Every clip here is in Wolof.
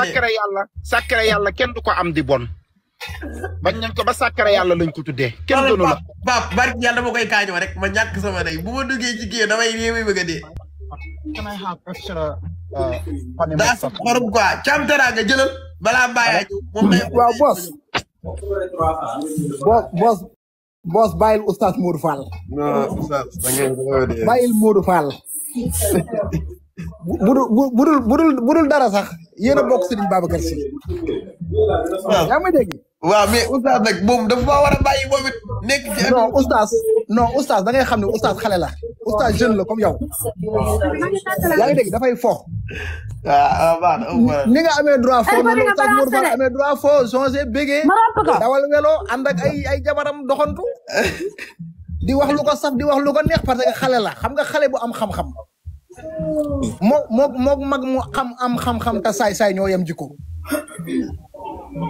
sàkkara yàlla sàkkara yàlla kenn du ko am di bon. ba nañ ko ba sàkkara yàlla lañ ko tuddee. kenn doonu la Pape barke yàlla dama koy kaañoo rek ma ñàkk sama ndey bu ma duggee ci kii damay réew bëgg a dee. Uh, daa si xorom quoi càmm tara nga jëlal balaa bàyyi moom lay. waaw boss. boss boss. boss bàyyil oustaz Modou Fall. non oustaz da budul budul dara sax. yéen a bokk Serigne Babacar Sy. waaw yaa may dégg. waaw mais oustaz moom dafa maa war a nekk ci. non oustaz non oustaz da ngay xam ne oustaz xale la oustaz jeune la kom yow. yaa ngi dégg dafay fo. Ah, ah, ni nga amee droit fo noonu oustaz Mor amee droit fo changer bégee. dawal welo ànd ay ay jabaram doxantu. di wax lu ko saf di wax lu ko neex parce que xale la xam nga xale bu am xam-xam. moo moo moo mag mu xam am xam-xam te saay-saay ñoo yem jiko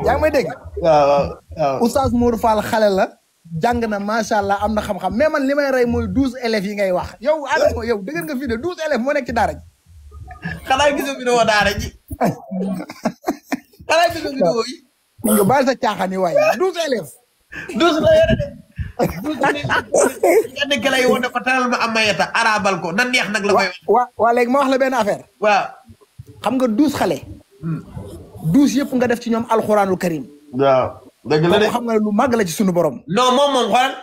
yaa ngi may dégg waaw waaw oustaz Mour Fall la jàng na macha allah am na xam-xam mais man li may rey mooy douze élèves yi ngay wax yow Adama yow dëgg nga fii de douze élèves moo nekk ci daara ji xanaa gisoo vidéo daara ji xanaa gisoo vidéo yi baal sa caaxaan waaye douze élèves douze la de kenn ki lay wone ko teral am mayeta arabal ko na neex nag la koy wa waa léegi ma wax la benn affaire waaw xam nga douze xale hmm. douze yëpp nga def ci ñoom alxuraanul karim waaw dëgg la xam nga lu màgg la ci suñu borom non moom moom xoolal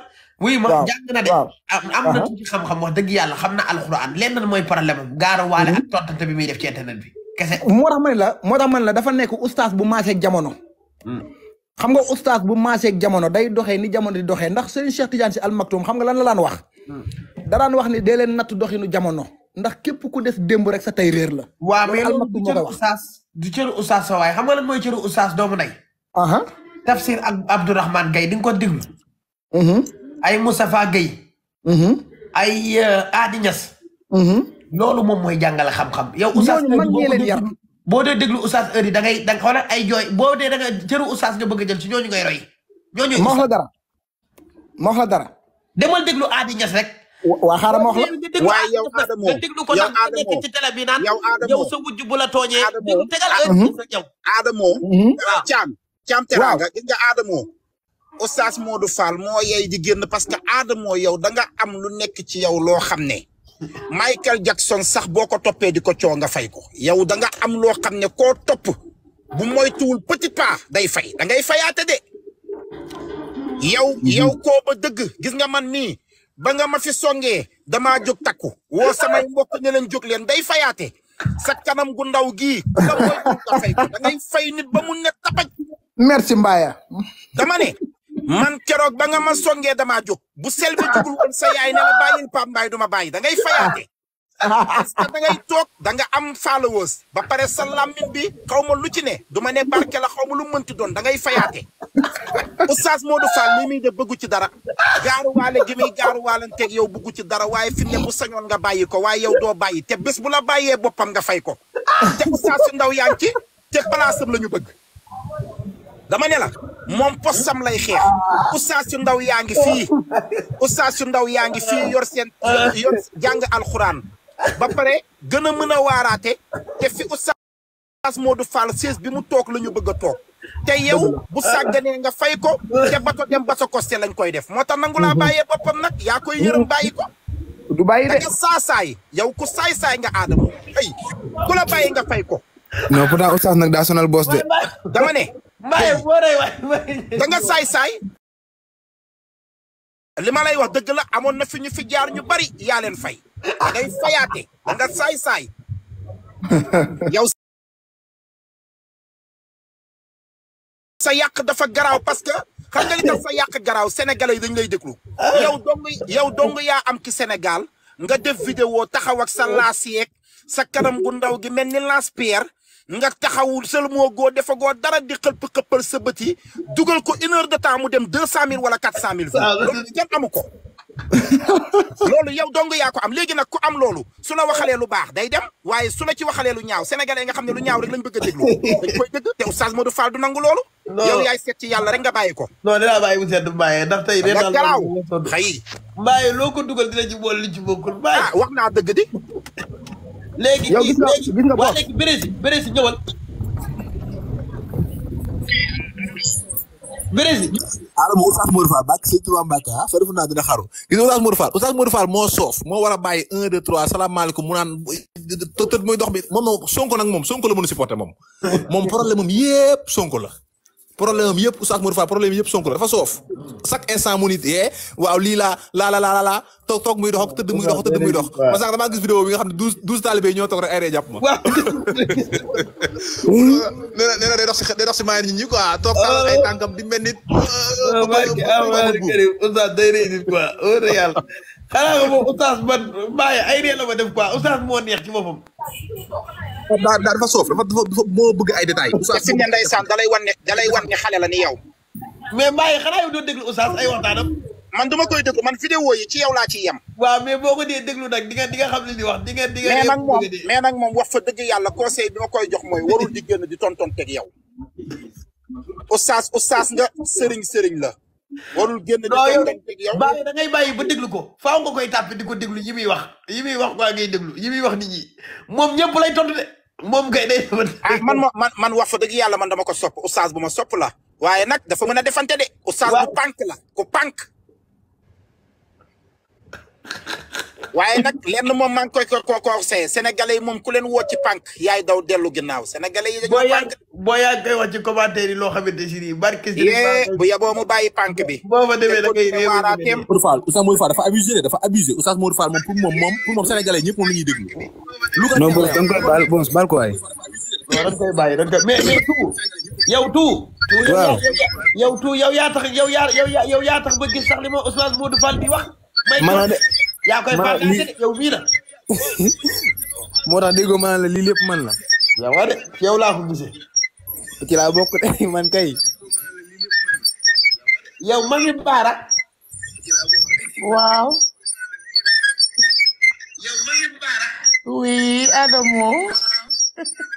oui ma jàng na de am na tuuti xam-xam wax dëgg yàlla xam na alxuraan lenn mooy problème am gaara waale ak hmm. bi muy def ci internet bi kese ma la moo ma ne la dafa nekk oustaz bu maasee jamono hmm. xam nga oustaz bu maaseeg jamono day doxee ni jamono di doxee ndax Serigne Cheikh Tidiane si almaktoum xam nga lan la daan wax. Hmm. da daan wax ni dee leen natt doxinu jamono ndax képp ku des démb rek sa tey réer la. waaw mais du cëru oustaz du cëru oustaz sa xam nga lan mooy cëru oustaz doomu nay. tafsir ak Abdourahmane Gaye di nga ko déglu. Mhm. ay Moustapha Gaye. Mhm. ay euh, Adi Niass. Mhm. loolu moom mooy jàngale xam-xam. yow oustaz ñooñu mag ñi yar boo dee déglu oustaz heure yi da ngay da ay jooy boo dee da nga cëru oustaz nga bëgg a jël ci ñooñu ngay roy. ñooñu ma wax la dara ma dara. demal déglu aadi ñes rek. waa xaaral ma wax la waaye yow Adamo déglu ko nag nekk ci télé bi naan yow sa wujj bu la tooñee déglu tegal heure mhm. rek Adamo. Mhm. waaw Thiam Thiam Teranga moo yey di na parce que Adamo yow danga am lu nekk ci yow loo xam ne. Michael Jackson sax boo ko toppee di ko coo nga fay ko yow danga am loo xam ne ko topp bu moytuwul petit pas day fay da ngay fayaate de yow mhm. yow koo ba dëgg gis nga man ni ba nga ma fi songee damaa jóg takku woo samay mbokk ne leen jog leen day fayaate sa kanam gu ndaw gi da moytuwul fay ko da fay nit ba mu ne tapaj merci Mbaye dama ne Hmm? man keroog ba nga ma songee damaa jóg bu sel bi woon sa yaay ne la bàyyin Pape Mbaye du ma bàyyi da ngay fayaate parce que toog da nga am followers ba pare sa làmmiñ bi xaw ma lu ci ne du ma ne barke la xaw ma lu mënti doon da ngay fayaate moo Modou Fall li muy de bëggu ci dara gaaruwaale gi muy gaaruwaalanteeg yow bëggu ci dara waaye fi mu ne bu sañoon nga bàyyi ko waaye yow doo bàyyi te bés bu la bàyyee boppam nga fay ko te Oustaz ndaw yaa ci te palaasam la ñu bëgg ne la moom posam lay xeex oustaz yu ndaw yaa ngi fii oustaz yu ndaw yaa ngi fii yor seen yor jàng alxuraan ba pare gën a mën a waaraate te fi oustaz Modou Fall siis bi mu toog la ñu bëgg a toog te yow bu sàgganee nga fay ko te ba ko dem ba sa koste lañ koy def moo tax nangu laa mhm. bàyyee boppam nag yaa koy yërëm bàyyi ko du bàyyi de da nga saasaay yow ku saay-saay nga aadama ay ku la bàyyi nga fay ko non pourtant oustaz nag daa sonal boos de dama ne Mbaye wóoree waay. saay saay. li ma lay wax dëgg la amoon na fi ñu fi jaar ñu bari yaa leen fay. day fayaate da saay saay. yow sa yàq dafa garaaw parce que xam nga li tax sa yàq garaaw sénégalais yi dañ lay déglu. Ah. yow dong yow dong yaa am ci senegal nga def video taxaw ak sa ah. laas sa kanam gu ndaw gi mel ni lance pierre. nga taxawul sel moo goo dafa goo dara di xëpp xëppal sa bët yi dugal ko une heure de mu dem deux cent mille wala quatre cent mil loolu amu ko loolu yaw dong yaa ko am léegi nag ku am loolu su la waxalee lu baax day dem waaye su la ci waxalee lu ñaaw sénégalais nga xam ne lu ñaaw rek lañ bëgg a déglu dañ koy dëgg te oustaz Modou Fall du nangu loolu yow yaay seet ci yàlla rek nga bàyyi ko non dinaa bàyyi mu seet bàyyee ndax tey dee garaaw xëy mbaaye loo ko dugal dina ci bool li ci bokkul bàyyi ah wax naa dëgg léegi yow gis nga gis nga waa léegi Brésil Brésil ñëwal. Brésil. alama Oustaz Modou Fall bàkk si Tuubaa Mbàkke ah fa defu naa dina xaru gis nga moo soof moo war a bàyyi un deux trois salaamaaleykum mu naan tët muy dox bi moom Sonko nag moom Sonko la mën a supporter moom moom problème am la. problème am yëpp Oustaz Modou Fall problème yëpp Sonko la soof chaque instant mu nit yee eh, waaw lii laa laa la laa laa toog toog muy dox ak tëdd muy dox tëdd muy dox ma sax damaa o vidéo bi nga nee na nee daa daa dafa soof dafa dafa moo bëgg ay détails. Oustaz si ne ndeysaan da lay wan ne da lay wan ne xale la ni yow. mais Mbaye xanaa yow doo déglu Oustaz ay waxtaanam. man duma koy déglu man vidéo yi ci yow laa ciy yem. waaw mais ko dee déglu nag di nga di wax di nga di nga. mais nag moom mais nag moom wax fa dëgg yàlla conseil bi ma koy jox mooy warul di génn di tonton teg yow. Oustaz Oustaz nga sëriñ sëriñ la. warul génn di tonton teg yow. bàyyi da ngay bàyyi ba déglu ko faaw nga koy tàpp di ko déglu yi muy wax yi muy wax waa ngay déglu yi muy wax nit ñi moom ñëpp lay tontu de. moom kay day ah, man ma man man wax fa dëgg yàlla man dama ko sopp oustaz bu ma sop la waaye nag dafa mën a defante de oustaz bu pank la ku pànk waaye nag lenn moom maa ngi koy ko ko ko see sénégalais moom ku leen woo ci pànk yaay daw dellu ginnaaw sénégalais yi. dañoo boo yaa loo xamante ne nii barke. Eh, bu yaboo mu bàyyi pànk bi. boo fa demee da ngay réew mi Modou Fall Oustaz Modou moom pour moom moom pour moom sénégalais ñëpp moom la ñuy ko non bon da nga koy baal bon baal ko waay. non da nga koy bàyyi da nga koy mais mais tout yow tout. waaw yaa ba gis sax li ma Oustaz Modou Fall di wax. may yaa koy partagé yow bii la. moo tax déggoo ma la lii man la. yow de yow laa ko gisee. ci laa bokk de man kay. yow man baara. waaw. yow man mi